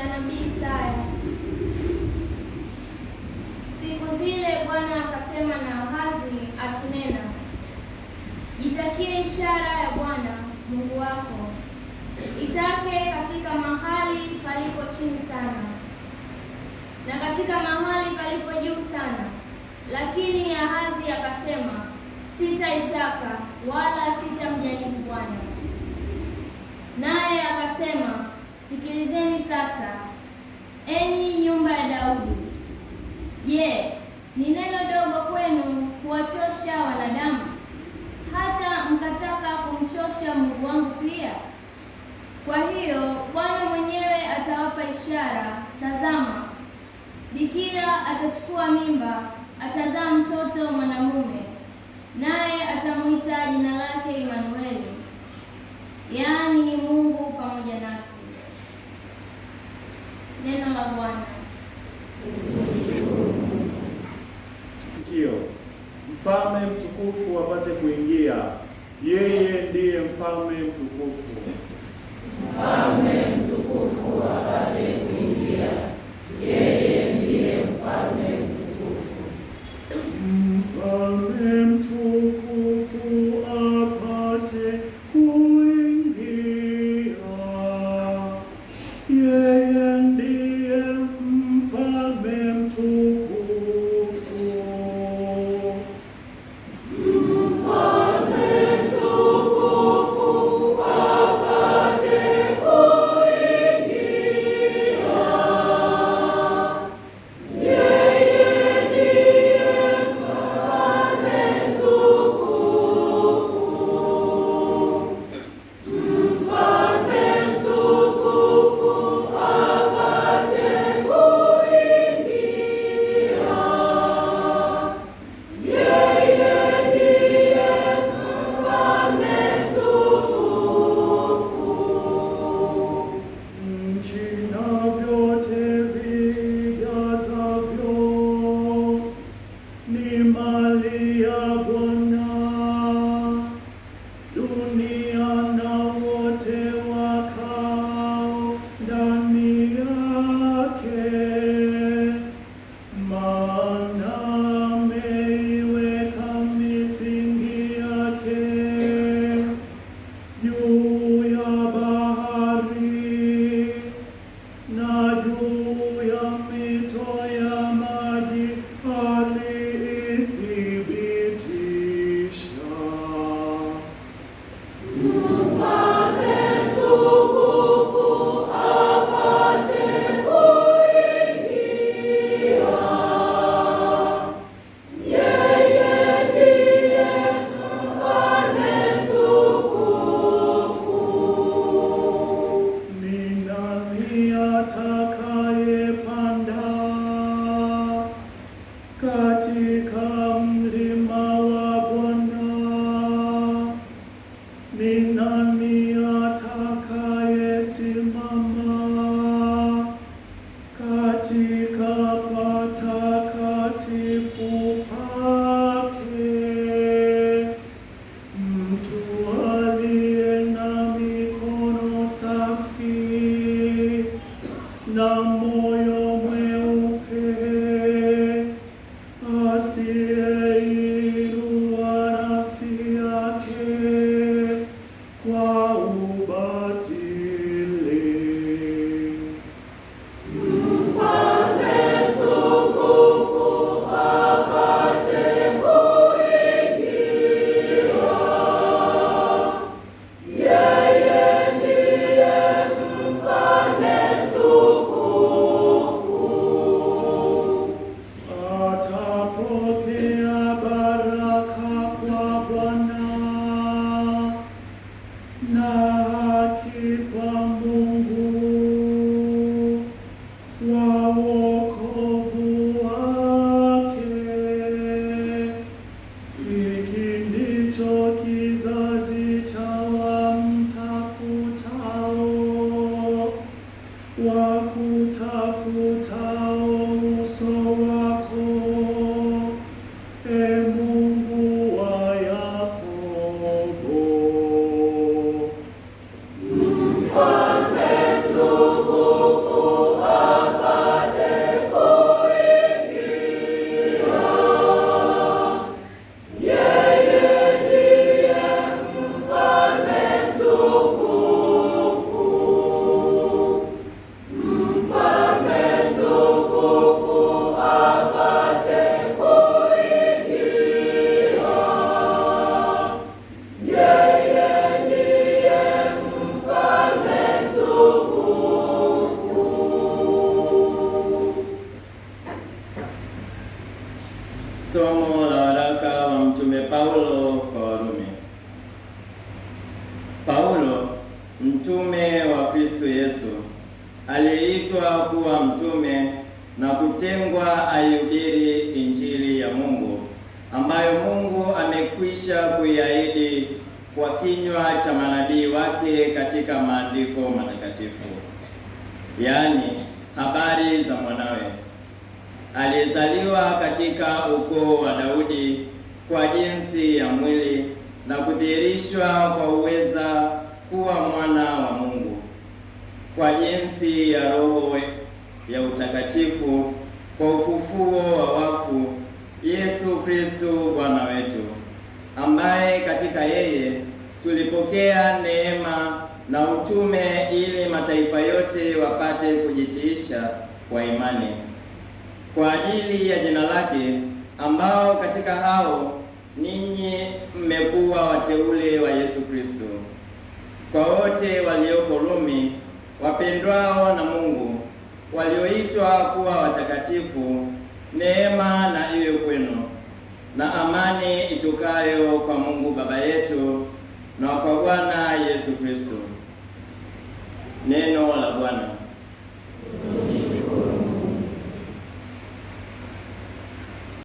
cha nabii Isaya. Siku zile Bwana akasema na Ahazi akinena, jitakie ishara ya Bwana Mungu wako, itake katika mahali palipo chini sana na katika mahali palipo juu sana. Lakini Ahazi akasema, sitaitaka wala Sikilizeni sasa, enyi nyumba ya Daudi. Je, ni neno dogo kwenu kuwachosha wanadamu, hata mkataka kumchosha Mungu wangu pia? Kwa hiyo Bwana mwenyewe atawapa ishara. Tazama, bikira atachukua mimba, atazaa mtoto mwanamume, naye atamwita jina lake Imanueli, yaani Mungu pamoja nasi. Neno la Bwana. Sikio, mfalme mtukufu apate kuingia. Yeye ndiye mfalme mtukufu, mfalme mtukufu apate katika mlima wa Bwana ni nani katika patakatifu pake? Mtu aliye na mikono safi Ndicho kizazi cha wamtafutao, wakutafutao uso wako, Ee Somo la waraka wa mtume Paulo kwa Warumi. Paulo mtume wa Kristo Yesu aliyeitwa kuwa mtume na kutengwa aihubiri injili ya Mungu ambayo Mungu amekwisha kuiahidi kwa kinywa cha manabii wake katika maandiko matakatifu, yaani habari za mwanawe aliyezaliwa katika ukoo wa Daudi kwa jinsi ya mwili na kudhihirishwa kwa uweza kuwa mwana wa Mungu kwa jinsi ya Roho ya utakatifu kwa ufufuo wa wafu, Yesu Kristo Bwana wetu, ambaye katika yeye tulipokea neema na utume ili mataifa yote wapate kujitiisha kwa imani kwa ajili ya jina lake, ambao katika hao ninyi mmekuwa wateule wa Yesu Kristo. Kwa wote walioko Rumi, wapendwao na Mungu, walioitwa kuwa watakatifu, neema na iwe kwenu na amani itokayo kwa Mungu Baba yetu na kwa Bwana Yesu Kristo. Neno la Bwana.